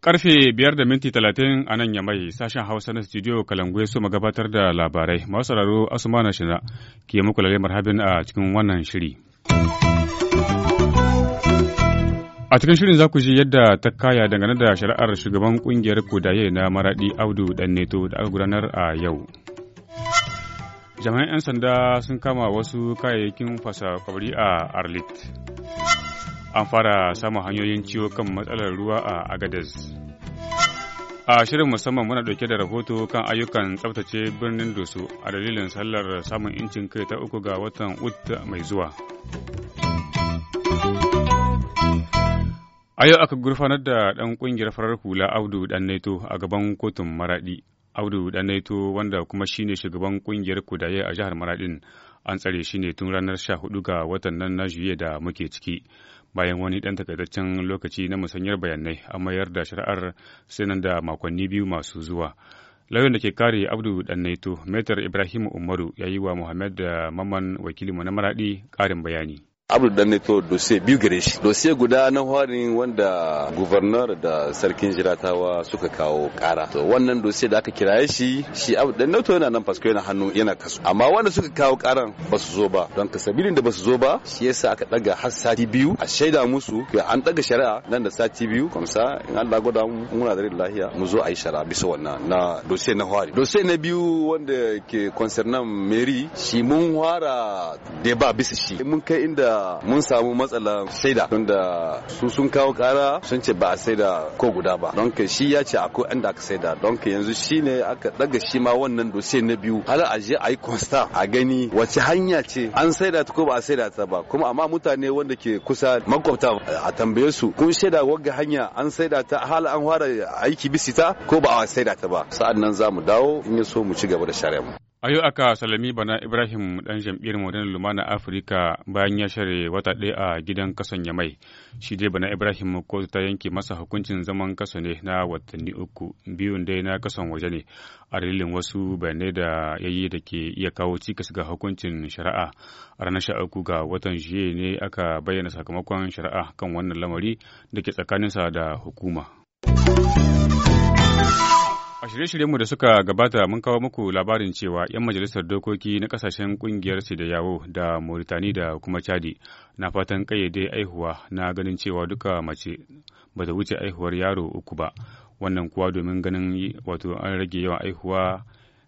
Karfe biyar da minti talatin a nan yamai sashen Hausa na studio Kalangu ya so gabatar da labarai. Masu sauraro Asuma na shina ke muku lalle marhabin a cikin wannan shiri. A cikin shirin za ku ji yadda ta kaya dangane da shari'ar shugaban kungiyar kudaye na Maradi, Audu Neto da aka gudanar a yau. Jami'an 'yan sanda sun kama wasu kayayyakin fasa kwabri a Arlit. An fara samun hanyoyin ciwo kan matsalar ruwa a Agadez. A shirin musamman muna ɗauke da rahoto kan ayyukan tsaftace birnin Doso a dalilin sallar samun incin kai ta uku ga watan Ut mai zuwa. A yau aka gurfanar da ɗan ƙungiyar farar hula Audu Dannaito a gaban kotun Maraɗi. Audu Dannaito wanda kuma shine shugaban ƙungiyar kudaye a jihar Maraɗin an tsare shi ne tun ranar sha 14 ga watan nan na juye da muke ciki. Bayan wani ɗan takaitaccen lokaci na musanyar bayanai a mayar da shari'ar sai da makonni biyu masu zuwa. Lauyan da ke kare Abdu Dannaito, Metar Ibrahim Umaru ya yi wa Muhammad da Maman wakilinmu na Maraɗi ƙarin bayani. abdul dan neto dossier biyu gare shi Dossier guda na harin wanda gubernar da sarkin jiratawa suka kawo kara to wannan dossier da aka kiraye shi shi abdul dan neto yana nan fasko yana hannu yana kasu amma wanda suka kawo karan ba su zo ba don kasabilin da ba su zo ba shi yasa aka daga har sati biyu a shaida musu ga an daga shari'a nan da sati biyu kamsa in Allah goda mu muna da lahiya mu zo a yi shari'a bisa wannan na dossier na hari dosiye na biyu wanda ke concernant Mary. shi mun hwara da ba bisa shi mun kai inda mun samu matsala shaida tunda su sun kawo kara sun ce ba a saida ko guda ba don ka shi ya ce akwai inda aka saida don ka yanzu shi ne aka daga shi ma wannan dose na biyu har a je a yi consta a gani wace hanya ce an saida ta ko ba a saida ta ba kuma amma mutane wanda ke kusa makwabta a tambaye su kun shaida wagga hanya an saida ta hal an fara aiki bisita ko ba a saida ta ba sa'an nan za mu dawo in ya so mu ci gaba da shari'a mu A yau aka salami bana Ibrahim ɗan jam'iyyar Modern Lumana Afirka bayan ya share wata ɗaya a gidan ya mai Shi dai bana Ibrahim kotu ta yanke masa hukuncin zaman kasa ne na watanni uku biyun dai na kasan waje ne a dalilin wasu bayanai da ya yi da ke iya kawo cikas ga hukuncin shari'a. A ranar sha uku ga watan Juye ne aka bayyana sakamakon shari'a kan wannan lamari da ke tsakaninsa da hukuma. A shirye-shiryenmu da suka gabata mun kawo muku labarin cewa 'yan majalisar dokoki na kasashen kungiyar yawo da Mauritani da kuma Chadi na fatan kayyade aihuwa na ganin cewa duka mace ba ta wuce aihuwar yaro uku ba. Wannan kuwa domin ganin wato an rage yawan aihuwa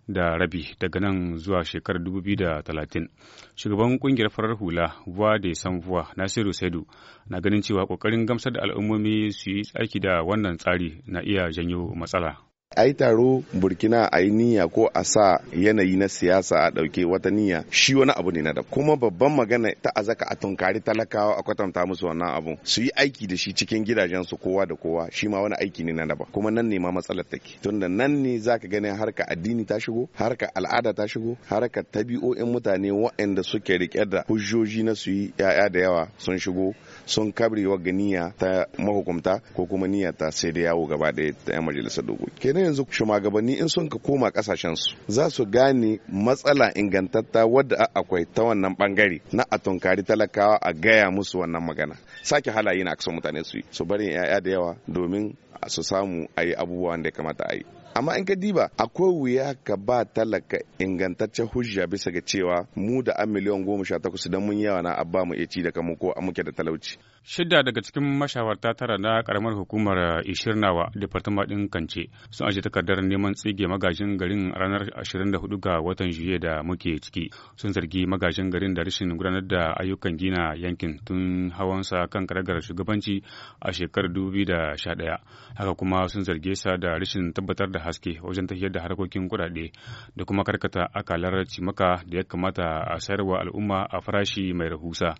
da rabi daga nan zuwa shekarar 2030. Shugaban kungiyar farar hula Voix de Sanvoix Nasiru Saidu na ganin cewa kokarin gamsar da al'ummomi su yi tsaki da wannan tsari na iya janyo matsala. a yi taro burkina a yi niyya ko a sa yanayi na siyasa a ɗauke wata niyya shi wani abu ne na da kuma babban magana ta azaka a tunkari talakawa a kwatanta musu wannan abu su yi aiki da shi cikin gidajensu kowa da kowa shi ma wani aiki ne na daba. kuma nan ne ma matsalar take tunda nan ne zaka gani harka addini ta shigo harka al'ada ta shigo harka tabi'o'in mutane waɗanda suke rike da hujjoji na su yi 'ya'ya da yawa sun shigo sun kabri wa ganiya ta mahukumta ko kuma niyya ta sai da yawo gaba ɗaya ta yan majalisar dokoki kenan yanzu shugabanni in sun ka koma kasashen su za su gane matsala ingantatta wadda akwai ta wannan bangare na a tunkari talakawa a gaya musu wannan magana sake halaye na aksan mutane su yi su bari 'ya'ya da yawa domin su samu a abubuwan da ya kamata a yi amma in ka diba akwai wuya ka ba talaka ingantaccen hujja bisa ga cewa mu da an miliyan goma sha takwas idan mun yawa na abba mu iya ci da kamo ko muke da talauci Shidda daga cikin mashawarta tara na karamar hukumar eh, Ishirnawa Departement ɗin Kance sun aje takardar neman tsige magajin garin ranar 24 ga watan Juye da muke ciki. Sun zargi magajin garin da rashin gudanar da ayyukan gina yankin tun hawansa kan karagar shugabanci a shekarar 2011. Haka kuma sun zarge sa da rashin tabbatar da haske wajen tafiyar da harkokin kuɗaɗe da kuma karkata akalar cimaka da ya kamata a sayarwa al'umma a farashi mai rahusa.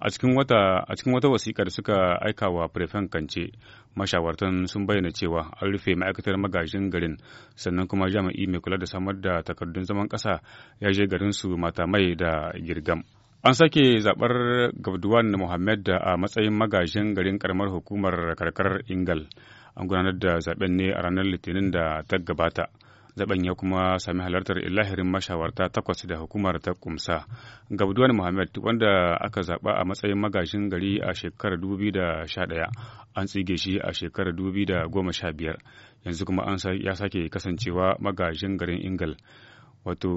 a cikin wata a wasiƙa da suka aika wa prefen kance mashawartan sun bayyana cewa an rufe ma'aikatar magajin garin sannan kuma jami'i mai kula da samar da takardun zaman ƙasa ya je garin su mata mai da girgam an sake zaɓar gabduwan muhammad a matsayin magajin garin karamar hukumar karkar ingal an gudanar da zaben ne a ranar litinin da ta gabata zaben ya kuma sami halartar ilahirin mashawarta takwas da hukumar ta kumsa gabduwan muhammad wanda aka zaba a matsayin magashin gari a shekarar 2011 an tsige shi a shekarar 2015 yanzu kuma an ya sake kasancewa magashin garin ingal wato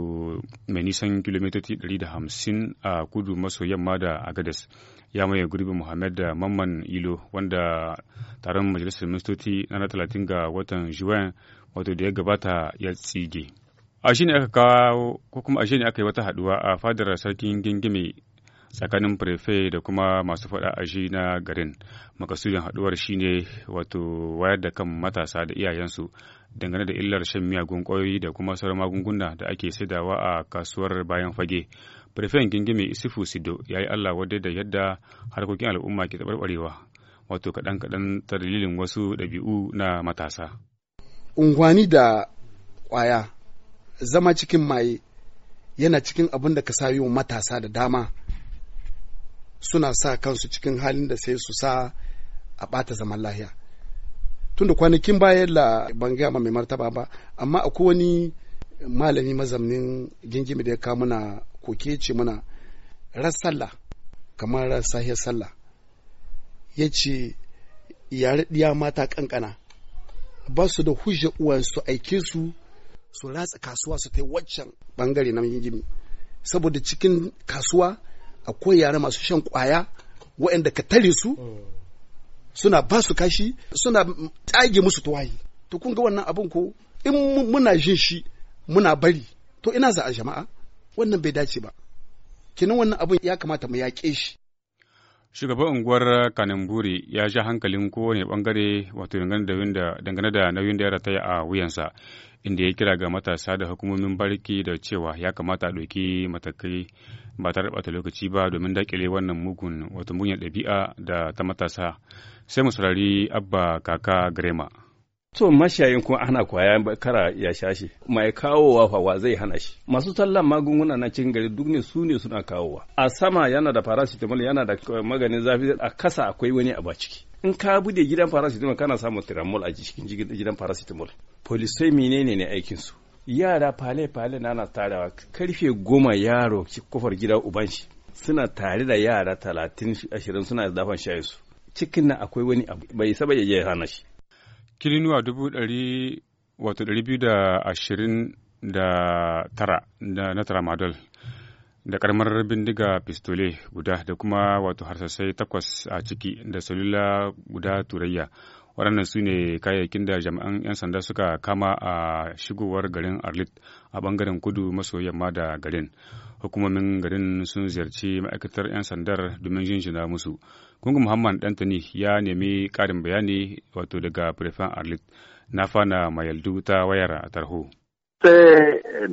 mai nisan kilomita 150 a kudu maso yamma da agadas ya maye gurbin Muhammad Mamman Ilo wanda taron majalisar ministoci na talatin ga watan Juwan wato da ya gabata ya tsige. A shi ne aka kawo ko kuma a shi ne aka yi wata haduwa a fadar sarkin gingime tsakanin prefe da kuma masu fada a shi na garin makasudin haɗuwar shine wato wayar da kan matasa da iyayensu dangane da illar shan miyagun kwayoyi da kuma sauran magunguna da ake saidawa a kasuwar bayan fage farfen gingimi isifu Sido ya yi Allah wadai da yadda harkokin al'umma ke taɓarɓarewa, wato kaɗan-kaɗan ta dalilin wasu ɗabi'u na matasa. Unguwani da ƙwaya, zama cikin maye, yana cikin abin da ka sa sayo matasa da dama suna sa kansu cikin halin da sai su sa a ɓata zaman lahiya. da kwanakin bayan la ban gaya mai martaba ba, amma akwai wani malami mazamnin gingimi da ya kawo muna ko ke ce mana ran sallah kamar ran sahiyar sallah ya ce yare ɗiya mata ƙanƙana ba su da hujja su aike su su ratsa kasuwa su ta waccan bangare na yin saboda cikin kasuwa akwai yare masu shan kwaya waɗanda ka tare su suna ba su kashi suna tsage musu tuwayi to kun ga wannan abin ko in muna jin shi muna bari to ina za a jama'a wannan bai dace ba kinan wannan abin ya kamata mu yaƙe shi shugaban unguwar kanamburi ya ja hankalin kowane bangare wato dangane da nauyin da ya rataya a wuyansa inda ya kira ga matasa da hukumomin barki da cewa ya kamata a ɗauki matakai ba tare da lokaci ba domin dakile wannan mugun wato mugun ɗabi'a da ta matasa sai mu saurari abba kaka grema To mashayin kuma ana kwaya kara ya shashi mai kawowa fa zai hana shi masu tallan magunguna na cikin gari duk ne su ne suna kawowa a sama yana da paracetamol yana da maganin zafi a kasa akwai wani a ciki in ka bude gidan paracetamol kana samun tiramol a cikin gidan paracetamol polisai menene ne aikin su yara fale fale na tarawa karfe goma yaro kofar gida uban shi suna tare da yara talatin ashirin suna dafan shayi su cikin nan akwai wani abu bai saba ya hana shi kilinuwa dubu ɗari wato ɗari biyu da ashirin da tara da na tramadol da karamar bindiga pistole guda da kuma wato harsasai takwas a ciki da salula guda turayya waɗannan su ne kayayyakin da jami'an 'yan sanda suka kama a shigowar garin arlit a ɓangaren kudu maso yamma da garin hukumomin garin sun ziyarci ma'aikatar 'yan sandar domin jinjina musu Gungu Muhammad Dantani ya nemi ƙarin bayani wato daga Prefan Arlit na fana Mayaldu ta wayar a tarho. Eh,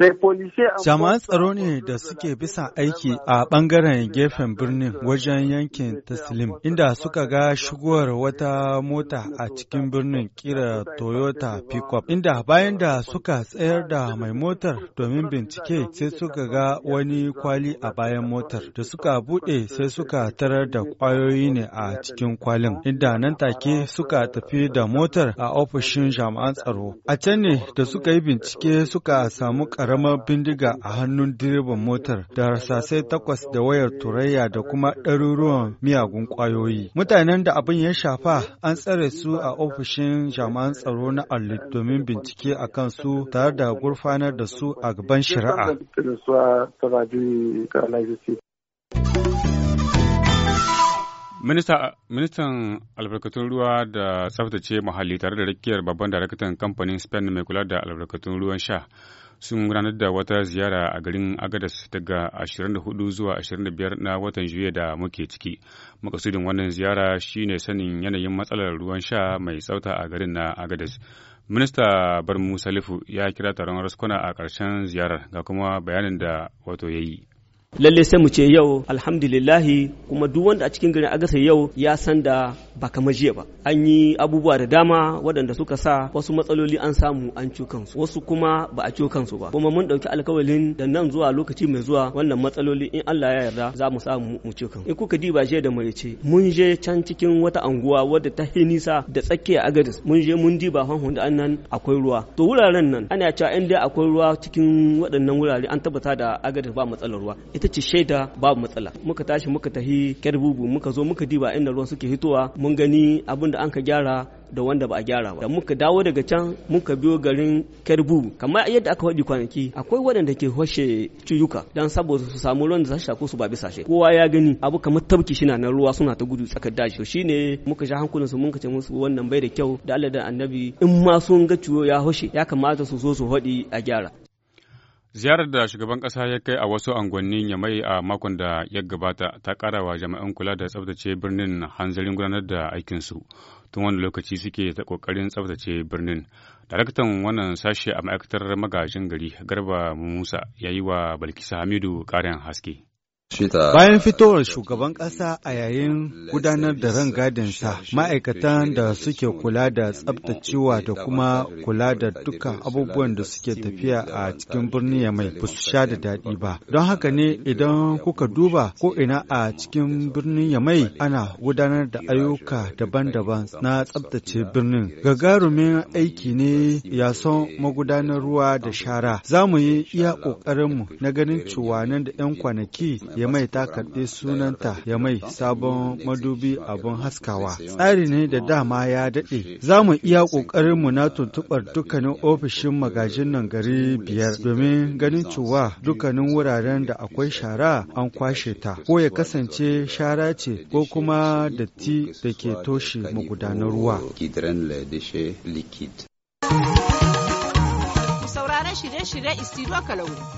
eh, jama'an tsaro ne da suke bisa aiki a bangaren gefen birnin wajen yankin Taslim, inda suka ga shigowar wata mota a cikin birnin kira Toyota Pickup, inda bayan da suka tsayar da mai motar domin bincike sai suka ga wani kwali a bayan motar. Da suka buɗe sai suka tarar da ƙwayoyi ne a cikin kwalin, inda nan take suka tafi da motar a ofishin jama'an tsaro. A can ne da suka yi bincike su. suka samu ƙaramar bindiga a hannun direban motar da harsasai takwas da wayar turayya da kuma ɗaruruwan miyagun ƙwayoyi. Mutanen da abin ya shafa an tsare su a ofishin jami'an tsaro na alli domin bincike a kan su tare da gurfanar da su a gaban shari'a. Ministan albarkatun ruwa da tsaftace muhalli tare da rakiyar babban daraktan kamfanin Spain mai kula da albarkatun ruwan sha sun gudanar da wata ziyara a garin Agadas daga 24 zuwa 25 na watan Juye da muke ciki. Makasudin wannan ziyara shine sanin yanayin matsalar ruwan sha mai tsafta a garin na Agadas. Minista Barmu Salifu ya kira taron raskuna a ƙarshen ziyarar ga kuma bayanin da wato ya yi. lalle sai mu ce yau alhamdulillahi kuma duk wanda a cikin garin agasa yau ya san da ba kamar jiya ba an yi abubuwa da dama waɗanda suka sa wasu matsaloli an samu an ciwo kansu wasu kuma ba a cukansu kansu ba kuma mun ɗauki alkawalin da nan zuwa lokaci mai zuwa wannan matsaloli in Allah ya yarda za mu samu mu ciwo kansu in kuka diba jiya da mai ce mun je can cikin wata anguwa wadda ta hi nisa da tsakiya agadis mun je mun diba hanhun da annan akwai ruwa to wuraren nan ana cewa in da akwai ruwa cikin waɗannan wurare an tabbata da agadis ba matsalar ruwa ita ita ce shaida babu matsala muka tashi muka tahi kerbubu muka zo muka diba inda ruwan suke hitowa mun gani abin da an ka gyara da wanda ba a gyara ba da muka dawo daga can muka biyo garin kerbu kamar yadda aka faɗi kwanaki akwai waɗanda ke hoshe ciyuka dan saboda su samu ruwan da za su su ba bisa shi kowa ya gani abu kamar tabki shi na nan ruwa suna ta gudu tsakar daji to shine muka sha hankulansu mun ce musu wannan bai da kyau da Allah da annabi in ma sun ga ciwo ya hoshe ya kamata su zo su haɗi a gyara Ziyarar da shugaban ƙasa ya kai a wasu angonni ya mai a makon da ya gabata ta ƙara wa jami'an kula da tsabtace birnin hanzarin gudanar da aikinsu tun wani lokaci suke ta ƙoƙarin tsabtace birnin. Daraktan wannan sashe a ma'aikatar magajin gari Garba Musa ya yi wa Balkisa Hamidu ƙarin haske. Bayan fitowar shugaban ƙasa a yayin gudanar da rangadinsa, ma'aikatan da suke kula da tsabtacewa da kuma kula da dukkan abubuwan da suke tafiya a cikin birni ya mai su sha da daɗi ba. Don haka ne idan kuka duba ko ina a cikin birnin ya mai ana gudanar da ayyuka daban-daban na tsabtace birnin. Gagarumin aiki ne ya son magudanar ruwa da shara. Za mu yi iya ƙoƙarinmu na ganin cewa nan da 'yan kwanaki Yamai ta karɓi sunanta mai sabon madubi abin haskawa. Tsari ne da dama ya daɗe. Za mu iya ƙoƙarin mu na tuntuɓar dukkanin ofishin magajin nan gari biyar domin ganin cewa dukkanin wuraren da akwai shara an kwashe ta. Ko ya kasance shara ce ko kuma datti da ke toshe magudanar ruwa. Sauraron shirye-shirye Istiro Kalau.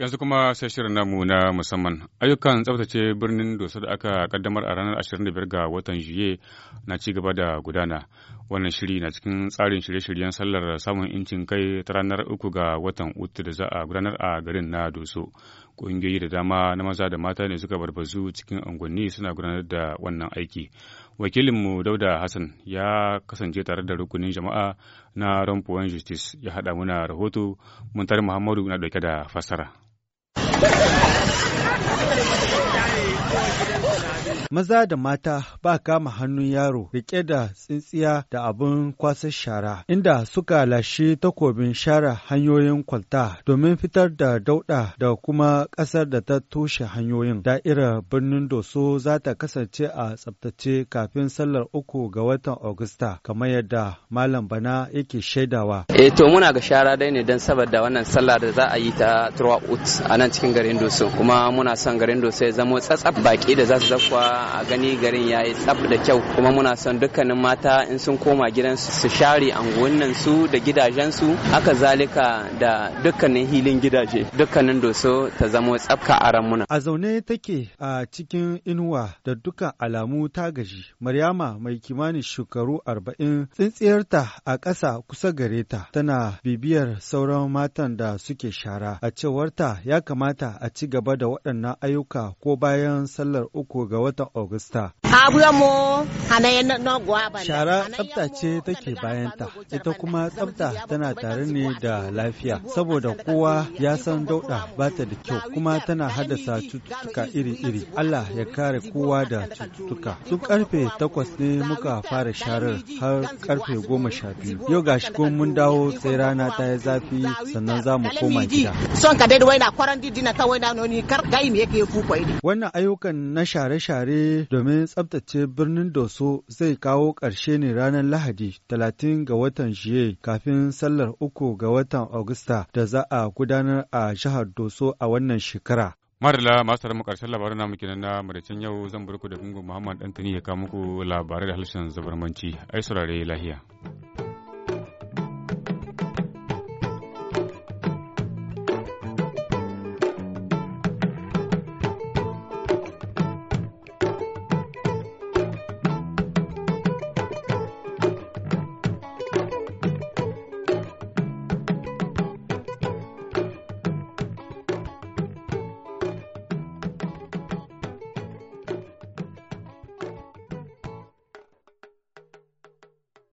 Yanzu kuma sai shirin namu na musamman. Ayyukan tsabtace birnin Doso da aka kaddamar a ranar 25 ga watan Juye na ci gaba da gudana. Wannan shiri na cikin tsarin shirye-shiryen sallar samun incin kai ta ranar uku ga watan Utu da za a gudanar a garin na Doso. Ƙungiyoyi da dama na maza da mata ne suka barbazu cikin unguwanni suna gudanar da wannan aiki. Wakilinmu Dauda Hassan ya kasance tare da rukunin jama'a na Rampuwan Justice ya haɗa muna rahoto. Muntar Muhammadu na dauke da fassara. ハハハ Maza da mata ba kama hannun yaro rike da tsintsiya da abin kwasar shara, inda suka lashe takobin share hanyoyin kwalta domin fitar da dauɗa da kuma ƙasar da ta toshe hanyoyin. Da'irar birnin Doso za ta kasance a tsaftace kafin sallar uku ga watan Agusta, kamar yadda Malam Bana yake shaidawa. E to muna ga shara dai ne don saboda wannan sallah da za a yi ta Throughout a nan cikin garin Doso, kuma muna son garin Doso ya zamo tsatsab baki da za su zakwa a gani garin ya yi tsaf da kyau kuma muna son dukkanin mata in sun koma gidansu su share anguwannin su da gidajensu haka zalika da dukkanin hilin gidaje dukkanin doso ta zamo tsafka a ramuna. A zaune take a cikin inuwa da duka alamu ta gaji Maryama mai kimanin shekaru arba'in tsintsiyarta a ƙasa kusa gare ta tana bibiyar sauran matan da suke shara a cewarta ya kamata a ci gaba da waɗannan ayyuka ko bayan sallar uku ga watan Augusta. Shara tsafta ce take bayanta, ita kuma tsabta tana tare ne da lafiya, saboda kowa ya san dauɗa ba ta da kyau kuma tana haddasa cututtuka iri-iri. Allah ya kare kowa da cututtuka. Tun karfe takwas ne muka fara sharar har karfe goma sha biyu. Yau gashi ko mun dawo sai rana ta yi zafi sannan za mu koma gida. Wannan ayyukan na share-share tsaye domin tsabtace birnin Doso zai kawo ƙarshe ne ranar Lahadi 30 ga watan Juye kafin sallar uku ga watan Agusta da za a gudanar a jihar Doso a wannan shekara. Marla masu tare karshen labarin namu kenan na maraicen yau zan burku da gungun Muhammad Dantani ya kawo muku labarai da harshen zabarmanci. Ai saurare lahiya.